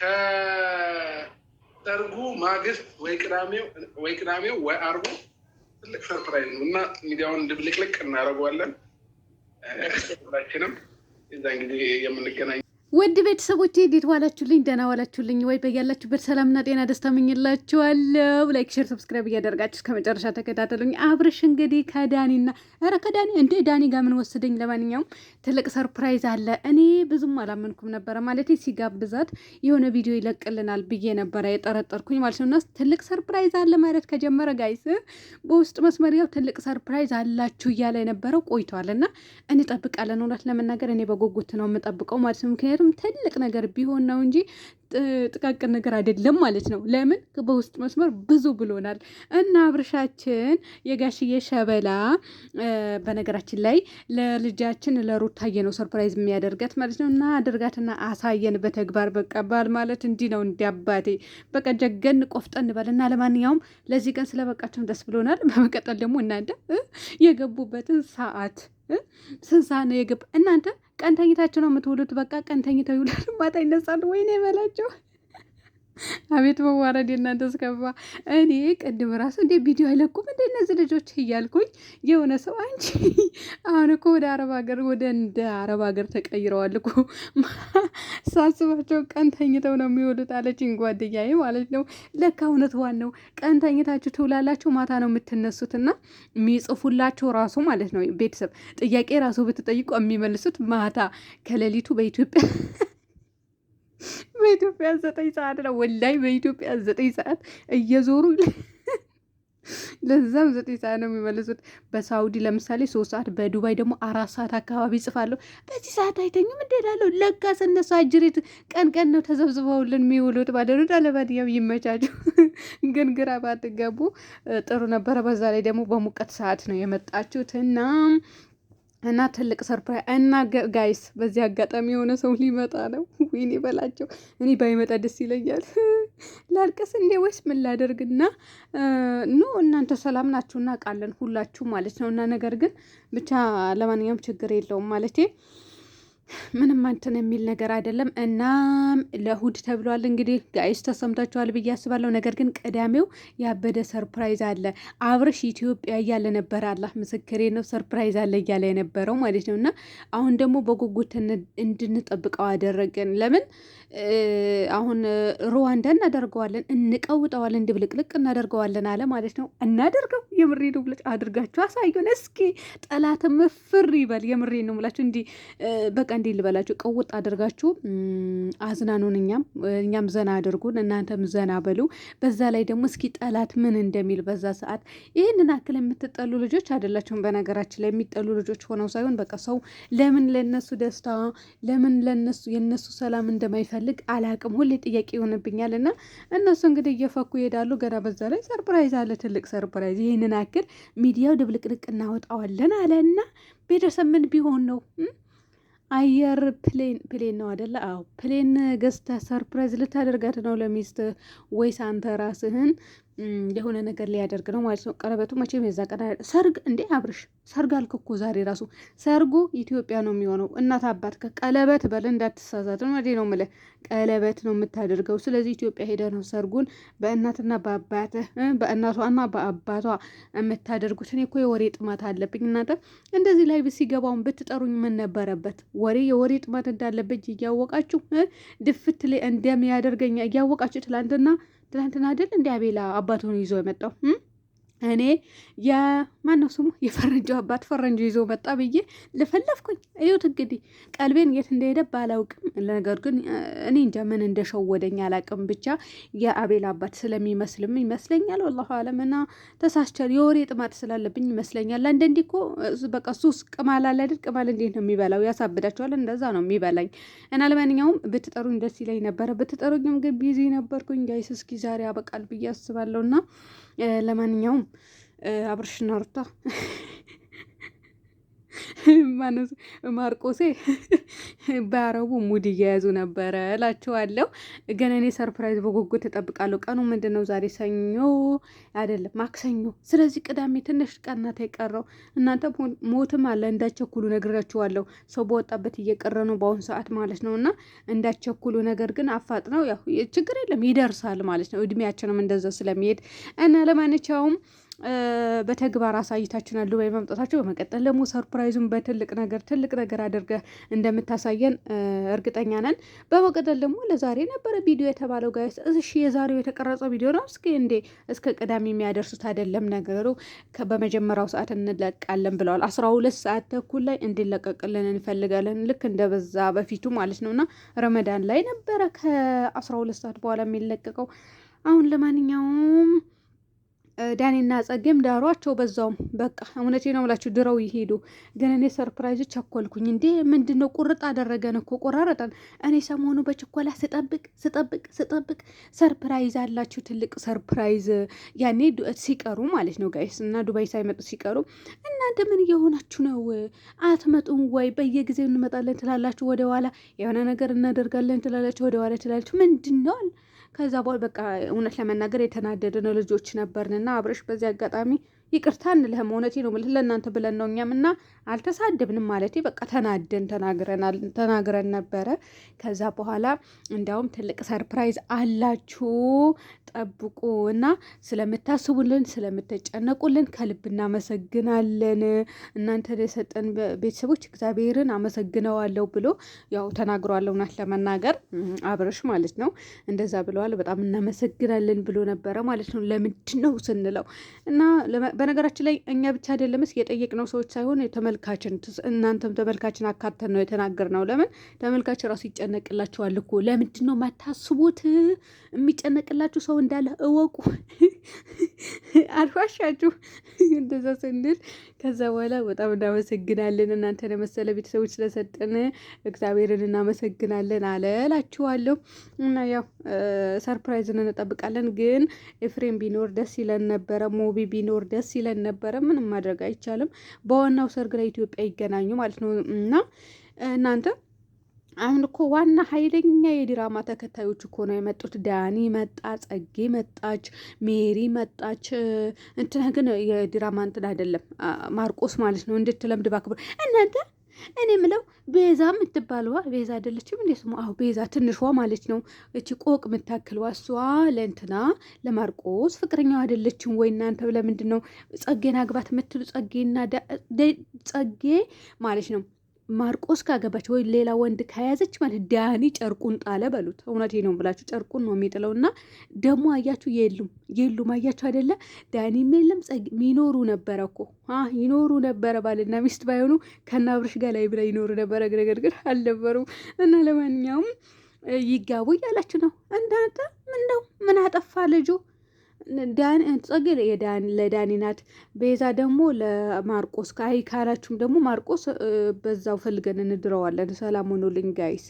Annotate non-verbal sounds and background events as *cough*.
ከሰርጉ ማግስት ወይ ቅዳሜው ወይ አርቡ ትልቅ ሰርፕራይዝ ነው እና ሚዲያውን ድብልቅልቅ እናደርገዋለን። ሁላችንም የዛን ጊዜ የምንገናኝ ውድ ቤተሰቦቼ እንዴት ዋላችሁልኝ? ደህና ዋላችሁልኝ ወይ? በያላችሁበት ሰላምና ጤና ደስታ ምኝላችኋለሁ። ላይክ፣ ሼር፣ ሰብስክራይብ እያደረጋችሁ እስከ መጨረሻ ተከታተሉኝ። አብርሽ እንግዲህ ከዳኒና ኧረ ከዳኒ እንደ ዳኒ ጋር ምን ወስደኝ። ለማንኛውም ትልቅ ሰርፕራይዝ አለ። እኔ ብዙም አላመንኩም ነበረ ማለት ሲጋብዛት የሆነ ቪዲዮ ይለቅልናል ብዬ ነበረ የጠረጠርኩኝ ማለት ነው። እና ትልቅ ሰርፕራይዝ አለ ማለት ከጀመረ ጋይስ በውስጥ መስመር ያው ትልቅ ሰርፕራይዝ አላችሁ እያለ የነበረው ቆይተዋል። እና እንጠብቃለን። እውነት ለመናገር እኔ በጉጉት ነው የምጠብቀው ማለት ነው ምክንያቱ ምክንያቱም ትልቅ ነገር ቢሆን ነው እንጂ ጥቃቅን ነገር አይደለም ማለት ነው። ለምን በውስጥ መስመር ብዙ ብሎናል እና አብርሻችን የጋሽዬ ሸበላ በነገራችን ላይ ለልጃችን ለሩታዬ ነው ሰርፕራይዝ የሚያደርጋት ማለት ነው። እና አድርጋትና አሳየን በተግባር በቀባል ማለት እንዲህ ነው። እንዲ አባቴ በቃ ጀገን ቆፍጠን በል እና ለማንኛውም ለዚህ ቀን ስለበቃችሁም ደስ ብሎናል። በመቀጠል ደግሞ እናንተ የገቡበትን ሰዓት ስንት ሰዓት ነው የገባ እናንተ ቀን ነው የምትውሉት። በቃ ቀንተኝታ ተኝተው ይውላሉ፣ ማታ ይነሳሉ። ወይኔ በላቸው። አቤት መዋረድ የእናንተ ስከባ። እኔ ቅድም ራሱ እንደ ቪዲዮ አይለቁም እንደ እነዚህ ልጆች እያልኩኝ የሆነ ሰው አንቺ አሁን እኮ ወደ አረብ ሀገር ወደ እንደ አረብ ሀገር ተቀይረዋል እኮ ሳስባቸው ቀን ተኝተው ነው የሚውሉት አለችኝ ጓደኛዬ ማለት ነው። ለካ እውነት ዋናው ቀን ተኝታችሁ ትውላላችሁ፣ ማታ ነው የምትነሱትና የሚጽፉላቸው ራሱ ማለት ነው ቤተሰብ ጥያቄ ራሱ ብትጠይቁ የሚመልሱት ማታ ከሌሊቱ በኢትዮጵያ በኢትዮጵያ ዘጠኝ ሰዓት ነው ወላይ፣ በኢትዮጵያ ዘጠኝ ሰዓት እየዞሩ ለዛም ዘጠኝ ሰዓት ነው የሚመለሱት። በሳውዲ ለምሳሌ ሶስት ሰዓት፣ በዱባይ ደግሞ አራት ሰዓት አካባቢ ይጽፋለሁ። በዚህ ሰዓት አይተኝም እንደ እላለሁ። ለጋስ እነሱ አጅሬት ቀን ቀን ነው ተዘብዝበውልን የሚውሉት ማለት ነው። ለባድያም ይመቻቸው። ግን ግራ ባትገቡ ጥሩ ነበረ። በዛ ላይ ደግሞ በሙቀት ሰዓት ነው የመጣችሁት እና እና ትልቅ ሰርፕራይ እና ጋይስ፣ በዚህ አጋጣሚ የሆነ ሰው ሊመጣ ነው። ወይኔ በላቸው። እኔ ባይመጣ ደስ ይለኛል። *laughs* ላልቀስ እንዴ ወይስ ምን ላደርግ? እና ኖ እናንተ ሰላም ናችሁ እና ቃለን ሁላችሁ ማለት ነው። እና ነገር ግን ብቻ ለማንኛውም ችግር የለውም ማለቴ ምንም አንተን የሚል ነገር አይደለም። እናም ለሁድ ተብሏል እንግዲህ ጋይስ ተሰምታችኋል ብዬ አስባለሁ። ነገር ግን ቅዳሜው ያበደ ሰርፕራይዝ አለ። አብርሽ ኢትዮጵያ እያለ ነበረ። አላህ ምስክሬ ነው። ሰርፕራይዝ አለ እያለ የነበረው ማለት ነው። እና አሁን ደግሞ በጉጉት እንድንጠብቀው አደረገን። ለምን አሁን ሩዋንዳ እናደርገዋለን፣ እንቀውጠዋለን፣ ድብልቅልቅ እናደርገዋለን አለ ማለት ነው። እናደርገው የምሬ ነው ብለች አድርጋችሁ አሳዩን እስኪ። ጠላት ምፍር ይበል። የምሬ ነው ብላችሁ እንዲ በቃ እንዲ ልበላችሁ፣ ቀውጥ አድርጋችሁ አዝናኑን። እኛም እኛም ዘና አድርጉን፣ እናንተም ዘና በሉ። በዛ ላይ ደግሞ እስኪ ጠላት ምን እንደሚል በዛ ሰዓት። ይህንን አክል የምትጠሉ ልጆች አይደላችሁም። በነገራችን ላይ የሚጠሉ ልጆች ሆነው ሳይሆን በቃ ሰው ለምን ለነሱ ደስታ ለምን ለነሱ የነሱ ሰላም እንደማይፈ እንደምፈልግ አላቅም። ሁሌ ጥያቄ ይሆንብኛል። እና እነሱ እንግዲህ እየፈኩ ይሄዳሉ። ገና በዛ ላይ ሰርፕራይዝ አለ፣ ትልቅ ሰርፕራይዝ። ይህንን አክል ሚዲያው ድብልቅልቅ እናወጣዋለን አለ እና ቤተሰብ ምን ቢሆን ነው አየር ፕሌን ፕሌን ነው አደለ? አዎ ፕሌን ገዝተህ ሰርፕራይዝ ልታደርጋት ነው ለሚስት ወይስ አንተ ራስህን የሆነ ነገር ሊያደርግ ነው ማለት ነው። ቀለበቱ መቼም የዛ ቀን ሰርግ እንዴ አብርሽ ሰርግ አልክ እኮ ዛሬ ራሱ ሰርጉ ኢትዮጵያ ነው የሚሆነው። እናት አባት ከቀለበት በል እንዳትሳሳት ነው ነው የምልህ ቀለበት ነው የምታደርገው። ስለዚህ ኢትዮጵያ ሄደ ነው ሰርጉን በእናትና በአባትህ በእናቷና በአባቷ የምታደርጉት። እኔ እኮ የወሬ ጥማት አለብኝ እናንተ። እንደዚህ ላይ ሲገባውን ብትጠሩኝ ምን ነበረበት? ወሬ የወሬ ጥማት እንዳለብኝ እያወቃችሁ ድፍት ላይ እንደሚያደርገኝ እያወቃችሁ ትላንትና ትናንትና አይደል እንደ አቤላ አባቱን ይዞ የመጣው እኔ የማነው ስሙ የፈረንጁ አባት ፈረንጆ ይዞ መጣ ብዬ ልፈለፍኩኝ። እዩት እንግዲህ ቀልቤን የት እንደሄደ ባላውቅም፣ ነገር ግን እኔ እንጃ ምን እንደሸወደኝ አላቅም። ብቻ የአቤል አባት ስለሚመስልም ይመስለኛል፣ ወላሁ አለም እና ተሳስቸል የወሬ ጥማት ስላለብኝ ይመስለኛል። አንዳንዴ እኮ በቃ ሱስ ቅማል አለ አይደል? ቅማል እንዴት ነው የሚበላው? ያሳብዳቸዋል። እንደዛ ነው የሚበላኝ። እና ለማንኛውም ብትጠሩኝ ደስ ይለኝ ነበረ። ብትጠሩኝም ግን ቢዚ ነበርኩኝ። ጋይስ እስኪ ዛሬ አበቃል ብዬ አስባለሁ እና ለማንኛውም አብርሽና ሩታ *laughs* ማነው ማርቆሴ በአረቡ ሙድ እየያዙ ነበረ እላችኋለሁ። ገና እኔ ሰርፕራይዝ በጉጉት እጠብቃለሁ። ቀኑ ምንድን ነው ዛሬ? ሰኞ አይደለም ማክሰኞ። ስለዚህ ቅዳሜ ትንሽ ቀናት የቀረው እናንተ ሞትም አለ እንዳቸኩሉ ነግራችኋለሁ። ሰው በወጣበት እየቀረ ነው በአሁኑ ሰዓት ማለት ነው። እና እንዳቸኩሉ ነገር ግን አፋጥነው ያው ችግር የለም ይደርሳል ማለት ነው። እድሜያችንም እንደዛ ስለሚሄድ እና ለማንኛውም በተግባር አሳይታችሁናል ዱባይ መምጣታችሁ። በመቀጠል ደግሞ ሰርፕራይዙን በትልቅ ነገር ትልቅ ነገር አድርገ እንደምታሳየን እርግጠኛ ነን። በመቀጠል ደግሞ ለዛሬ ነበረ ቪዲዮ የተባለው ጋይስ። እሺ የዛሬው የተቀረጸው ቪዲዮ ነው። እስኪ እንዴ እስከ ቅዳሜ የሚያደርሱት አይደለም ነገሩ። በመጀመሪያው ሰዓት እንለቃለን ብለዋል። አስራ ሁለት ሰዓት ተኩል ላይ እንዲለቀቅልን እንፈልጋለን። ልክ እንደበዛ በፊቱ ማለት ነውና ረመዳን ላይ ነበረ ከአስራ ሁለት ሰዓት በኋላ የሚለቀቀው አሁን ለማንኛውም ዳኒና ጸጌም ዳሯቸው በዛውም በቃ እውነቴ ነው ብላችሁ ድረው ይሄዱ። ግን እኔ ሰርፕራይዙ ቸኮልኩኝ። እንዴ ምንድን ነው? ቁርጥ አደረገን እኮ ቆራረጠን። እኔ ሰሞኑ በችኮላ ስጠብቅ ስጠብቅ ስጠብቅ ሰርፕራይዝ አላችሁ ትልቅ ሰርፕራይዝ። ያኔ ሲቀሩ ማለት ነው ጋይስ እና ዱባይ ሳይመጡ ሲቀሩ እናንተ ምን እየሆናችሁ ነው? አትመጡም ወይ? በየጊዜው እንመጣለን ትላላችሁ፣ ወደኋላ የሆነ ነገር እናደርጋለን ትላላችሁ፣ ወደኋላ ትላላችሁ። ምንድን ነው ከዛ በኋላ በቃ እውነት ለመናገር የተናደድን ልጆች ነበርንና አብረሽ በዚህ አጋጣሚ ይቅርታ እንልህም። እውነቴ ነው የምልህ ለእናንተ ብለን ነው እኛም እና አልተሳደብንም ማለት በቃ ተናደን ተናግረን ነበረ። ከዛ በኋላ እንዲያውም ትልቅ ሰርፕራይዝ አላችሁ ጠብቁ እና ስለምታስቡልን ስለምትጨነቁልን ከልብ እናመሰግናለን። እናንተ የሰጠን ቤተሰቦች እግዚአብሔርን አመሰግነዋለሁ ብሎ ያው ተናግሯል። እውነት ለመናገር አብረሽ ማለት ነው እንደዛ ብለዋል። በጣም እናመሰግናለን ብሎ ነበረ ማለት ነው። ለምንድን ነው ስንለው እና በነገራችን ላይ እኛ ብቻ አይደለምስ የጠየቅነው ሰዎች ሳይሆን ተመልካችን፣ እናንተም ተመልካችን አካተን ነው የተናገርነው። ለምን ተመልካች ራሱ ይጨነቅላችኋል እኮ። ለምንድን ነው ማታስቡት? የሚጨነቅላችሁ ሰው እንዳለ እወቁ። *laughs* አልዋሻችሁ። *laughs* እንደዛ ስንል ከዛ በኋላ በጣም እናመሰግናለን እናንተን የመሰለ ቤተሰቦች ስለሰጠን እግዚአብሔርን እናመሰግናለን አለ እላችኋለሁ። እና ያው ሰርፕራይዝን እንጠብቃለን። ግን ኤፍሬም ቢኖር ደስ ይለን ነበረ። ሞቢ ቢኖር ደስ ይለን ነበረ። ምንም ማድረግ አይቻልም። በዋናው ሰርግ ላይ ኢትዮጵያ ይገናኙ ማለት ነው እና እናንተ አሁን እኮ ዋና ኃይለኛ የዲራማ ተከታዮች እኮ ነው የመጡት። ዳኒ መጣ፣ ጸጌ መጣች፣ ሜሪ መጣች። እንትን ግን የዲራማ እንትን አይደለም ማርቆስ ማለት ነው። እንድትለምድ ባክብር እናንተ እኔ ምለው ቤዛ የምትባለዋ ቤዛ አይደለችም እንዴ ስሙ? አዎ ቤዛ ትንሿ ማለት ነው። እቺ ቆቅ የምታክለዋ እሷ ለእንትና ለማርቆስ ፍቅረኛው አይደለችም ወይ እናንተ? ለምንድን ነው ጸጌን አግባት የምትሉ? ጸጌና ጸጌ ማለት ነው ማርቆስ ካገባች ወይ ሌላ ወንድ ከያዘች ማለት ዳኒ ጨርቁን ጣለ በሉት። እውነቴ ነው ብላችሁ ጨርቁን ነው የሚጥለው። እና ደግሞ አያችሁ የሉም የሉም፣ አያችሁ አይደለ? ዳኒም የለም ይኖሩ ነበረ እኮ ይኖሩ ነበረ፣ ባልና ሚስት ባይሆኑ ከና ጋር ላይ ብላ ይኖሩ ነበረ። ነገር ግን አልነበሩም። እና ለማንኛውም ይጋቡ እያላችሁ ነው። እንዳንተ ምንደው ምን አጠፋ ልጁ ጸጌ ለዳኒ ናት። ቤዛ ደግሞ ለማርቆስ። አይ ካላችሁም ደግሞ ማርቆስ በዛው ፈልገን እንድረዋለን። ሰላም ሆኖልኝ ጋይስ።